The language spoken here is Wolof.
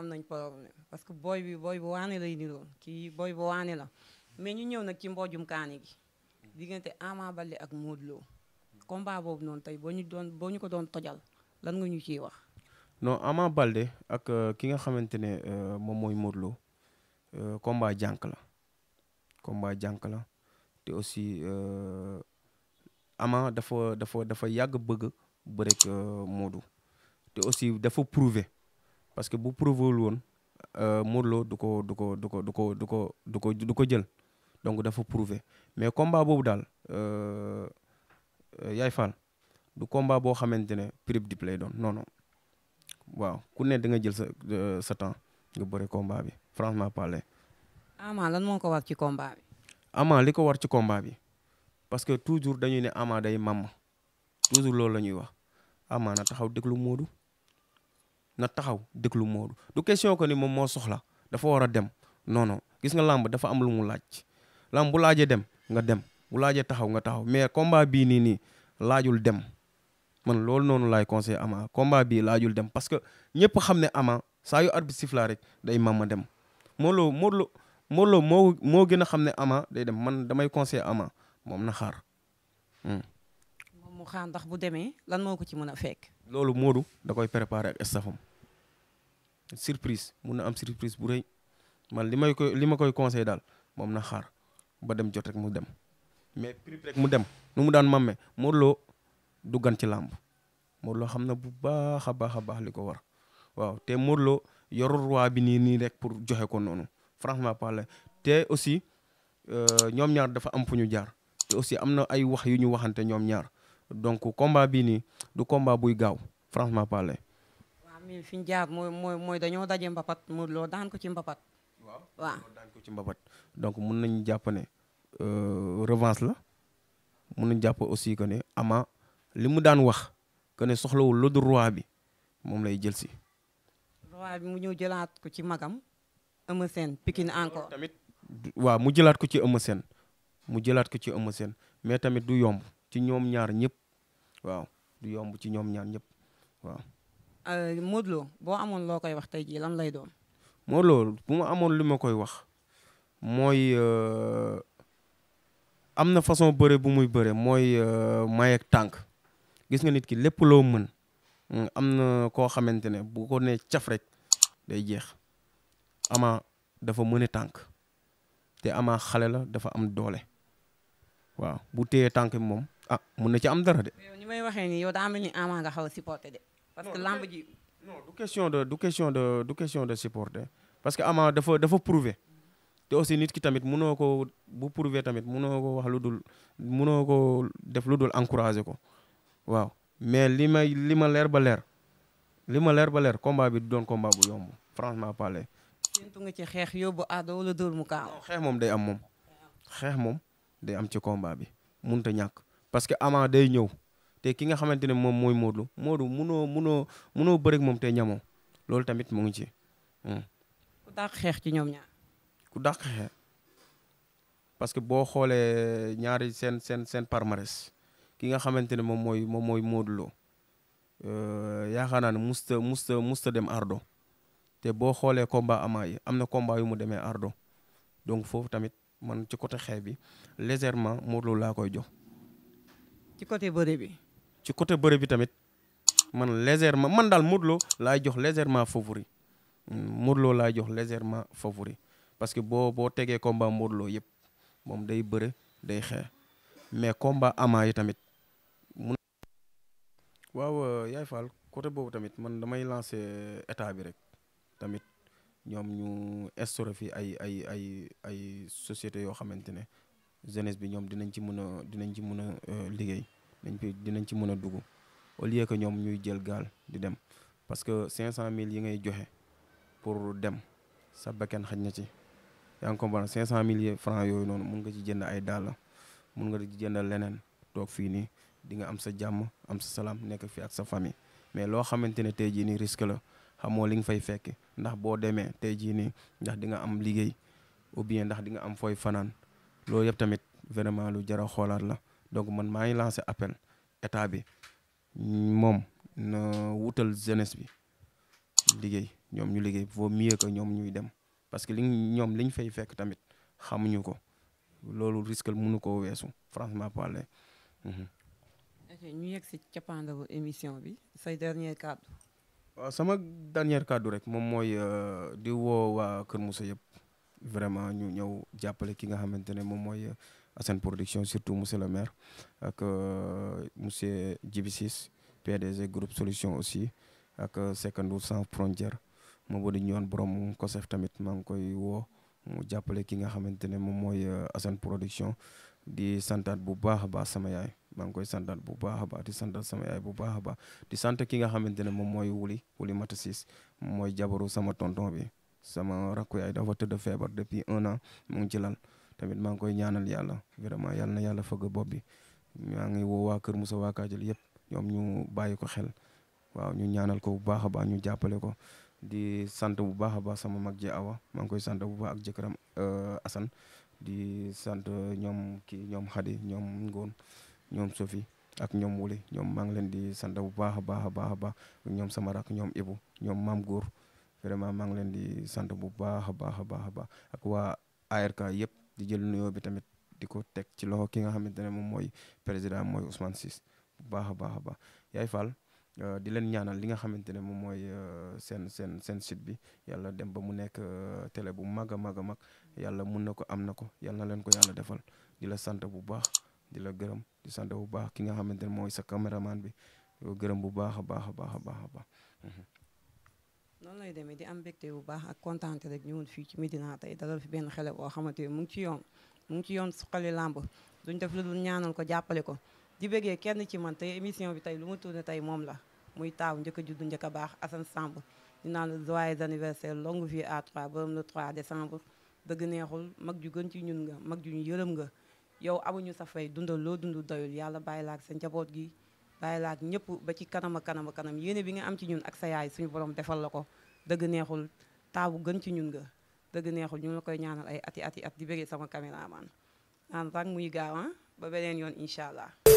am nañ problème parce que booy bi booy bu waane lay kii booy bu waane la mais ñu ñëw nag ci mboojum kaani gi diggante Ama Baldé ak Modou Lo combat boobu noonu tey boo ñu doon boo ñu ko doon tojal lan nga ñu ciy wax non Ama Baldé ak euh, ki nga xamante ne euh, moom mooy Modou Lo euh, combat la combat jànk la te aussi Ama dafa dafa dafa yàgg bëgg bëreek Modou te aussi dafa prouver parce que bu prouvéwul woon euh, Modou Lo du ko du ko du ko du ko du ko du ko du ko jël donc dafa prouve mais combat boobu daal euh, euh, yaay Fall du combat boo xamante ne prix dip lay doon non waaw ku ne da nga jël sa sa temps nga bëre combat bi franchement parler. Ama lan moo ko war ci combat bi. li ko war ci combat bi parce que toujours dañuy ne Ama day mamm toujours loolu la ñuy wax Ama na taxaw déglu Modou. na taxaw déglu Modou du question ko ni moom moo soxla dafa war a dem noonu gis nga làmb dafa am lu mu laaj làmb bu laajee dem nga dem bu laajee taxaw nga taxaw mais combat bii nii nii laajul dem man loolu noonu laay conseil Ama komba bii laajul dem parce que ñëpp xam ne Ama saa yu arbitre siffle rek day mama dem Modou Lô Modou moo moo gën a xam ne Ama day dem man damay conseil Ama moom na xaar. Hmm. moom mu xaar ndax bu demee lan moo ko ci mën a fekk. loolu Modou da koy préparer ak surprise mun na am surprise bu rëy man li may koy li ma koy conseil daal moom na xaar ba dem jot rek mu dem mais prip rek mu dem nu mu daan mamme Modou Lo du gan ci làmb Modou Lo xam na bu baax a baax a baax li ko war waaw te Modou Lo yorul bi nii nii rek pour joxe ko noonu franchement parler te aussi euh, ñoom ñaar dafa am fu ñu jaar te aussi am na ay wax yu ñu waxante ñoom ñaar donc combat bii nii du combat buy gaaw franchement parler mi fi ñu jaar mooy mooy mooy dañoo daje mbapat Modou Lo daan ci mbapat. waaw waaw daan ko ci mbapat. donc mun nañu jàpp ne euh, revanche la mun nañu jàpp aussi que ne Ama li mu daan wax que ne soxlawul lu dul bi moom lay jël si. roi bi mu ñëw jëlaat ko ci magam. Eumeu Sène Pikine encore tamit. waaw mu jëlaat ko ci Eumeu mu jëlaat ko ci Eumeu mais tamit du yomb ci ñoom ñaar ñëpp waaw du yomb ci ñoom ñaar ñëpp waaw. Euh, Modou Lo boo amoon loo koy wax tey jii lan lay doon. Modou Lo bu ma amoon li ma koy wax mooy euh, am na façon bëre bu muy bëre mooy euh, may ak tànk gis nga nit ki lépp loo mën mm, am na koo xamante ne bu ko ne caf rek day jeex ama dafa mën a tànk te ama xale la dafa am doole waaw bu téyee tànk moom ah mun na ci am dara de. ni may waxee nii yow daa ni ama nga xaw a de. parce que lamb ji. du question de du question de du question de supporter parce que Ama dafa dafa prouver te aussi nit ki tamit mënoo ko bu prouver tamit mënoo ko wax lu dul mënoo ko def lu dul encourager ko waaw mais li may li ma leer ba leer li ma leer ba leer combat bi du doon combat bu yomb franchement parler. séntu nga ci xeex yóbbu aado wala dóor mu kaaw. moom day am moom. xeex moom day am ci combat bi mënut a ñàkk parce que Ama day ñëw. te ki nga xamante ne moom mooy Modou Lo Modou munoo munoo munoo bëre moom te ñamoo loolu tamit mu ngi ci. Hmm. ku dàq xeex ci ñoom ñaar. ku dàq parce que boo xoolee ñaari seen seen seen palmarès ki nga xamante ne moom mooy moom mooy Modou Lo euh, yaakaar naa ne musta musta musta dem Ardo te boo xoolee combat ama yi am na combat yu mu demee Ardo donc foofu tamit man ci côté xee bi légèrement Modou laa koy jox. ci côté bëre bi. ci côté bëre bi tamit man ma man daal Modou laay jox légèrement favori Modou Lo laay jox légèrement favori parce que boo boo tegee komba Modou Lo yëpp moom day bëre day xeex mais combat Ama yi tamit mun. waaw euh, yaay Fall côté boobu tamit man damay lancer état bi rek tamit ñoom ñu instauré fi ay ay ay ay société yoo xamante ne jeunesse bi ñoom dinañ ci mën a dinañ ci mën a euh, liggéey. dañ fi dinañ ci mën a dugg au lieu que ñoom ñuy jël gaal di dem parce que cinq cent 500000 yi ngay joxe pour dem sa bakkan xaj na ci yaa ngi comprendre 500000 francs yooyu noonu mun nga ci jënd ay dàll mun nga ci jënd leneen toog fii nii di nga am sa jàmm am sa salaam nekk fi ak sa famille mais loo xamante ne tey jii nii risque la xamoo li nga fay fekk ndax boo demee tey jii nii ndax di nga am liggéey au bien ndax di nga am fooy fanaan loolu yëpp tamit vraiment lu jar a xoolaat la. donc man maa ngi lancé appel état bi moom na wutal jeunesse bi liggéey ñoom ñu liggéey vaut mieux que ñoom ñuy dem parce que li ñoom liñ fay fekk tamit xamuñu ko loolu risque mënu koo weesu franchement parler. Mhm. ok ñu yegg si cappaandawu émission bi say dernier kàddu. sama dernier kàddu rek moom mooy euh, di woo waa Kër Moussa yëpp vraiment ñu ñëw jàppale ki nga xamante ne moom mooy. Euh, Assane production surtout monsieur le maire ak euh, monsieur Djibi Ciss PDG groupe solution aussi ak euh, Sekandour sans frontière moo di ñoon borom Kosef tamit maa ngi koy woo mu jàppale ki nga xamante ne moom mooy euh, Assane production di santaat bu baax a baax sama yaay maa ngi koy santaat bu baax a baax di santaat sama yaay bu baax a baax di sant ki nga xamante ne moom mooy wuli wuli Matasis mooy jabaru sama tonton bi sama rakku yaay dafa tëdd feebar depuis un an mu ngi ci tamit maa ngi koy ñaanal yàlla vraiment yàlla na yàlla fëgg bopp bi maa ngi woo waa Kër Moussa waa Kaajal yëpp ñoom ñu bàyyi ko xel waaw ñu ñaanal ko bu baax a baax ñu jàppale ko di sant bu baax a baax sama mag ji Awa maa ngi koy sant bu baax ak jëkkëram euh, Assane di sant ñoom kii ñoom Khady ñoom Ngone ñoom Sophie ak ñoom Wuli ñoom maa ngi leen di sant bu baax a baax a baax a baax ñoom sama rak ñoom Ibou ñoom Maam Góor vraiment maa ngi leen di sant bu baax a baax a baax a baax ak waa ARK yëpp. di jël nuyoo bi tamit di ko teg ci loxo ki nga xamante ne moom mooy président mooy Ousmane Ciss bu baax a baax a baax Yaay Fall euh, di leen ñaanal li nga xamante ne moom mooy euh, seen seen seen site bi yàlla dem ba mu nekk euh, télé bu mag a mag a mag yàlla mun na ko am na ko yàlla na leen ko yàlla defal di la sant bu baax di la gërëm di sant bu baax ki nga xamante ne mooy sa caméraman bi di gërëm bu baax a baax a baax a baax a baax. Mhm. noonu lay demee di am mbégte bu baax ak kontaante rek ñëwoon fii ci Medina tey dalal fi benn xele boo xamante ne mu ngi ci yoon mu ngi ci yoon suqali làmb duñ def lu dul ñaanal ko jàppale ko di bëggee kenn ci man tey émission bi tey lu ma tourné tey moom la muy taaw njëkk ju juddu njëkk a baax Assane Samb dinaa la joyeux anniversaire longue vie à 3 borom le 3 décembre dëgg neexul mag ju gën ci ñun nga mag ju ñu yërëm nga yow abuñu sa fay dundal loo dund doyul yàlla bàyyi la ak sa njaboot gi bàyyi laak ñëpp ba ci kanam a kanam a bi nga am ci ñun ak sa yaay suñu borom defal la ko dëgg neexul taabu gën ci ñun nga dëgg neexul ñu la koy ñaanal ay ati ati at di bëggee sama caméraman naan rang muy gaaw ah, ba beneen yoon incha allah